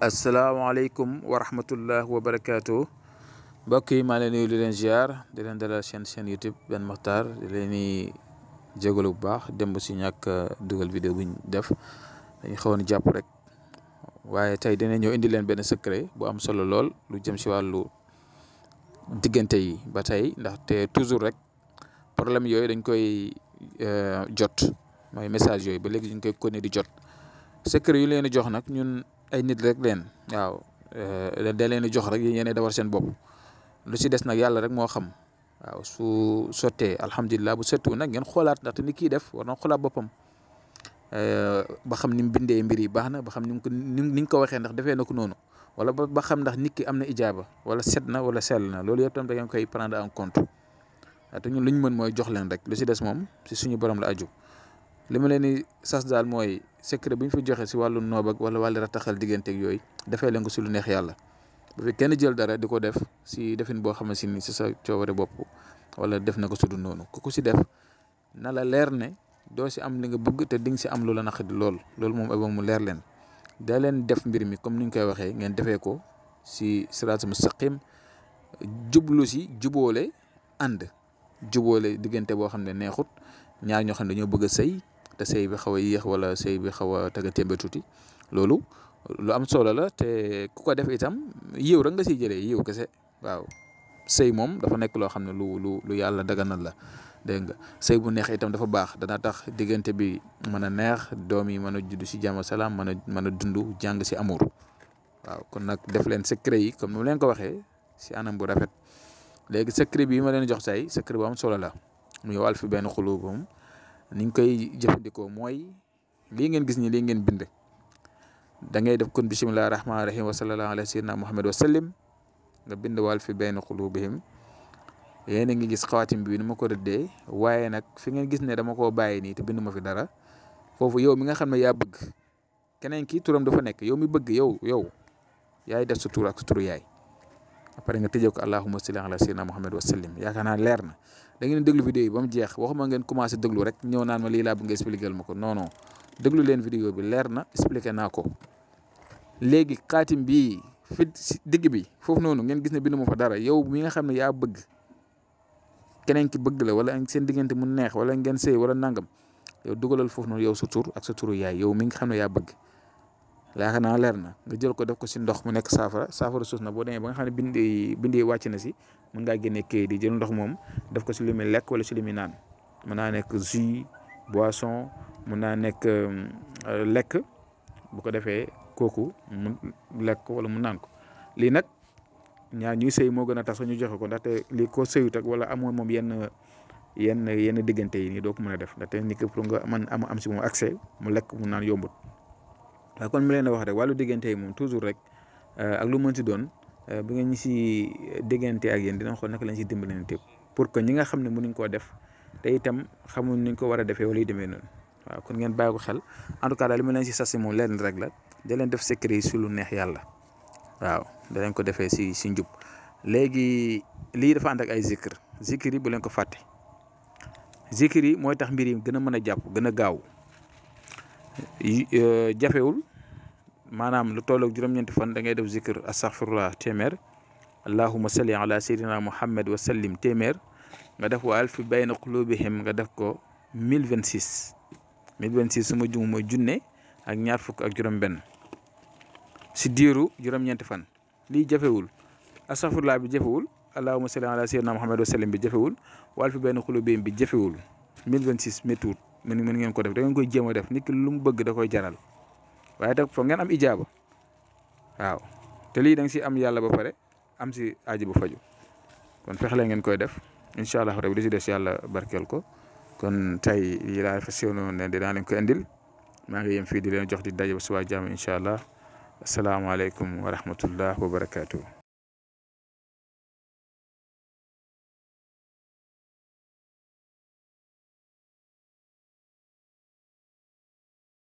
asalaamaaleykum wa rahmatullah wa barakaatu mbokk yi maa leen nuyu di leen ziar di leen dalal seen seen YouTube Ben Makhtar di leen di jégalu bu baax démb si ñàkk dugal vidéo bu ñu def dañu xawoon jàpp rek waaye tey dina ñëw indi leen benn secret bu am solo lool lu jëm si wàllu diggante yi ba tey ndaxte toujours rek problème yooyu dañ koy jot mooy message yooyu ba léegi dañ koy continuer di jot. secret yu leen di jox nag ñun ay nit rek leen waaw eh, da leen jox rek yéen a dawar seen bopp lu si des nag yàlla rek moo xam waaw su sottee alhamdulilah bu setu nag ngeen xoolaat ndaxte ni kii def war na xoolaat boppam eh, ba xam ni mu bindee mbir yi baax na ba xam ni mu ko ni nga ko waxee ndax defee na ko noonu wala ba xam ndax nit ki am na ijaaba wala set na wala sell na loolu yëpp tam da ngeen koy prendre en ah, te ñun lu ñu mën mooy jox rek lu si des moom si suñu borom la aju li ma leen di sas daal mooy. secret buñ fi fa joxe si wàllu noob ak wala wàllu rataxal digënté ak yoy defee leen ci lu neex yalla bu fi kenn jël dara diko def si defin bo xam ci si sa coobare bop wala def nako sudu nonu du ku ko def na la leer né do si am li nga bëgg té ding ci si am lu la naqadi lool loolu moom aba mu leer da def mbir mi comme niñ koy waxé ngeen défé ko si sirat mustaqim jublu si juboole and juboole digënté bo xamné neexut ñaar ñoo xamné dañoo bëgg sey te sëy bi xaw a yéex wala sëy bi xaw a tagga témbe tuuti loolu lu am solo la te ku ko def itam yiw rek nga siy jëlee yiw kese waaw sëy moom dafa nekk loo xam ne lu lu lu yàlla daganal la dégg nga sëy bu neex itam dafa baax dana tax diggante bi mën a neex doom yi mën a juddu si jàmm salaam mën a mën a dund jàng si amour waaw kon nag def leen secret yi comme ni leen ko waxee si anam bu rafet léegi secret bi ma leen jox say secret bu am solo la muy wàll fi benn xuluubum ningi koy jëfandikoo mooy lii ngeen gis ni lii ngeen bind da def kon bisimilah rahmaani rahiim wa sallallahu alayhi Muhammad wa nga bind wal fi benn qulubihim yéen a ngi gis xawaatim bi ni ma ko rëddee waaye nag fi ngeen gis ne dama ko bàyyi nii te bind ma fi dara foofu yow mi nga xam ne yaa bëgg keneen kii turam dafa nekk yow mi bëgg yow yow yaay def sa tur ak sa turu yaay après nga tëjee ko allahumma salli ala Muhammad wa sallim yaakaar naa leer na. da ngeen déglu vidéo yi ba mu jeex waxuma ngeen commencé déglu rek ñëw naan ma lii laa bëgg nga expliquer ma ko non non déglu leen vidéo bi leer na expliqué naa ko léegi kaatim bi fi digg bi foofu noonu ngeen gis ne bindu ma fa dara yow mi nga xam ne yaa bëgg keneen ki bëgg la wala seen diggante mu neex wala ngeen sëy wala nangam yow dugalal foofu noonu yow sa tur ak sa turu yaay yow mi nga xam ne yaa bëgg yaakaar na leer na nga jël ko def ko si ndox mu nekk saafara saafara suuf na boo demee ba nga xam ne bind bind na si mën ngaa génne kayit di jël ndox mom def ko si lu muy lekk wala si lu muy naan mën naa nekk jus boisson mën naa nekk euh, lekk bu ko defee kooku mu lekk ko wala mu nan ko lii nag ñaar ñuy sëy moo gën tax ñu joxe ko ndaxte lii ko sëyut tak wala amo moom yenn yenn yenn diggante yi ni do ko mën def ndaxte nit pour nga man am am ci mom accès mu lek mu nan yombut waaye kon mu leen wax rek wàllu diggante yi moom toujours rek euh, ak lu mën ci doon euh, bu ngeen ñu si diggante ak yéen dina xool naka lañ si dimbalante pour que ñi nga xam ne nu ñu koo def te itam xamuñ ñu ko war a defee wala yu demee noonu waaw kon ngeen bàyyi ko xel en daal li ma leen si sasi moom leen rek la da leen def secret yi si lu neex yàlla waaw da ko defee si si njub léegi lii dafa ànd ak ay zikr zikr yi bu leen ko fàtte zikr yi mooy tax mbir yi gën a mën a jàpp gën a gaaw. Euh, jafewul maanaam lu tolloog juróom-ñeenti fan da ngay def zikr astaghfirullah téeméer allahuma salli ala sayyidina muhammad wa sallim téeméer nga def wa alfi bayna qulubihim nga def ko 1026 1026 su ma jum mooy junne ak ñaar fukk ak juróom-benn si diiru juróom-ñeenti fan lii jafewul astaghfirullah bi jafewul allahuma salli ala sayyidina muhammad wa sallim bi jafewul wa alfi bayna qulubihim bi jafewul 1026 métuut mën mën ngeen ko def da ngeen koy jéem a def nit lu mu bëgg da koy jaral waaye nag foog ngeen am ijaaba waaw te lii si am yàlla ba pare am si aji bu faju kon fexe ngeen koy def incha allah rabi di si des yàlla ko kon tey lii laa fas yéenoon ne dinaa leen ko indil maa ngi yem fii di leen jox di daje ba subaa jàmm incha allah asalaamaaleykum wa rahmatullah wa